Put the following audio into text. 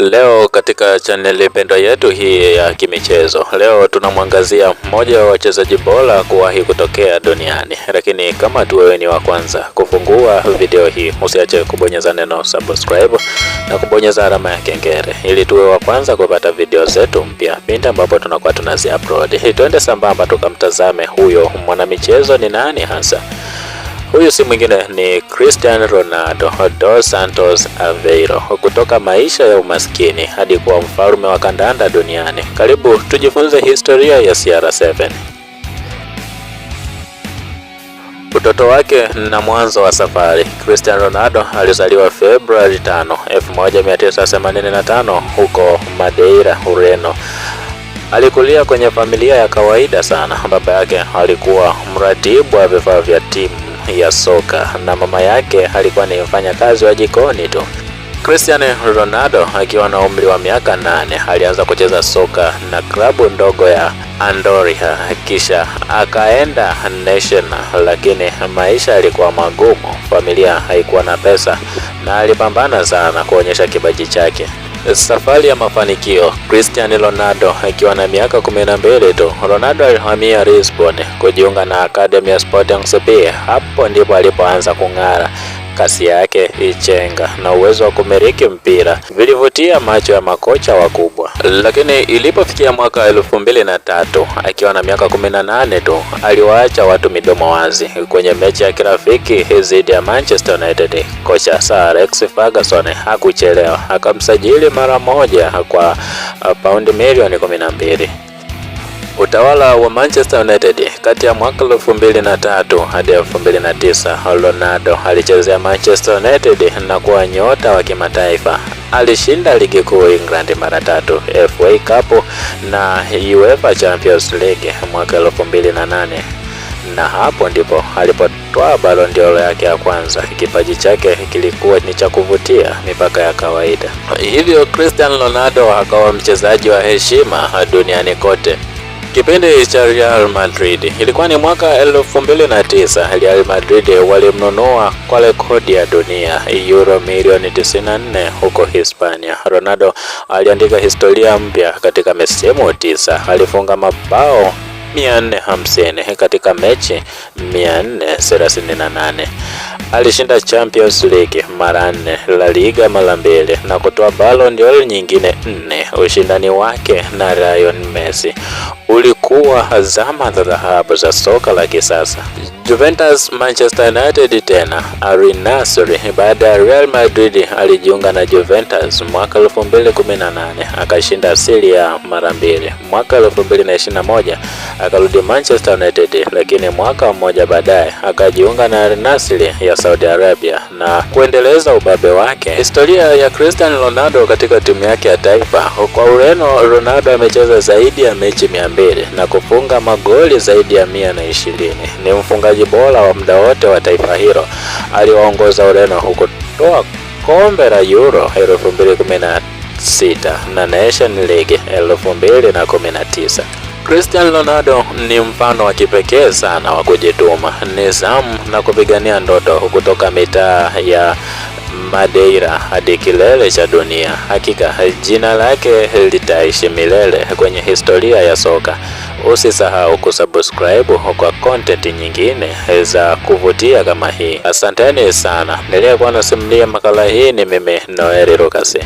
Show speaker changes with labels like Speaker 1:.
Speaker 1: Leo katika chaneli pendwa yetu hii ya kimichezo, leo tunamwangazia mmoja wa wachezaji bora kuwahi kutokea duniani. Lakini kama tu wewe ni wa kwanza kufungua video hii, usiache kubonyeza neno subscribe na kubonyeza alama ya kengele ili tuwe wa kwanza kupata video zetu mpya pindi ambapo tunakuwa tunazi upload. Twende sambamba tukamtazame huyo mwanamichezo ni nani hasa. Huyu si mwingine ni Cristiano Ronaldo dos Santos Aveiro, kutoka maisha ya umaskini hadi kuwa mfalme wa kandanda duniani. Karibu tujifunze historia ya CR7. Utoto wake na mwanzo wa safari. Cristiano Ronaldo alizaliwa Februari 5, 1985 huko Madeira, Ureno. Alikulia kwenye familia ya kawaida sana. Baba yake alikuwa mratibu wa vifaa vya timu ya soka na mama yake alikuwa ni mfanyakazi wa jikoni tu. Cristiano Ronaldo akiwa na umri wa miaka nane alianza kucheza soka na klabu ndogo ya Andoria, kisha akaenda Nation, lakini maisha yalikuwa magumu, familia haikuwa na pesa na alipambana sana kuonyesha kibaji chake. Safari ya mafanikio. Cristiano Ronaldo akiwa na miaka 12 tu, Ronaldo alihamia Lisbon kujiunga na Academia Sporting CP. Hapo ndipo alipoanza kung'ara. Kasi yake ichenga na uwezo wa kumiliki mpira vilivutia macho ya makocha wakubwa. Lakini ilipofikia mwaka elfu mbili na tatu akiwa na miaka 18 tu aliwaacha watu midomo wazi kwenye mechi ya kirafiki dhidi ya Manchester United. Kocha Sir Alex Ferguson hakuchelewa, akamsajili mara moja kwa uh, paundi milioni 12. Utawala wa Manchester United kati ya mwaka tatu hadi tisa Ronaldo alichezea Manchester United na kuwa nyota wa kimataifa alishinda ligi kuu England mara tatu, FA Cup na UEFA Champions League mwaka 2008 na hapo ndipo alipotoa Ballon d'Or yake ya kwanza. Kipaji chake kilikuwa ni cha kuvutia mipaka ya kawaida, hivyo Cristiano Ronaldo akawa mchezaji wa heshima duniani kote. Kipindi cha Real Madrid ilikuwa ni mwaka 2009. Real Madrid walimnunua kwa rekodi ya dunia euro milioni 94 huko Hispania. Ronaldo aliandika historia mpya katika misimu tisa, alifunga mabao 450 katika mechi 438. Alishinda Champions League mara nne, La Liga mara mbili na kutoa Ballon d'Or nyingine nne. Ushindani wake na Lionel Messi ulikuwa zama za dhahabu za soka la kisasa. Juventus, Manchester United tena. arinasri baada ya Real Madrid alijiunga na Juventus mwaka 2018 akashinda Serie A mara mbili. Mwaka 2021 akarudi Manchester United, lakini mwaka mmoja baadaye akajiunga na Al ya Saudi Arabia na kuendeleza ubabe wake. Historia ya Cristiano Ronaldo katika timu yake ya taifa kwa Ureno, Ronaldo amecheza zaidi ya mechi 200 na kufunga magoli zaidi ya 120. Ni mfunga mchezaji bora wa muda wote wa taifa hilo. Aliwaongoza Ureno huko toa kombe la Euro 2016 na Nation League 2019. Cristiano Ronaldo ni mfano wa kipekee sana wa kujituma, nizamu na kupigania ndoto kutoka mitaa ya Madeira hadi kilele cha dunia. Hakika jina lake litaishi milele kwenye historia ya soka. Usisahau kusubscribe kwa content nyingine za kuvutia kama hii. Asanteni sana. Niliyekuwa nasimulia makala hii ni mimi Noeli Rukasi.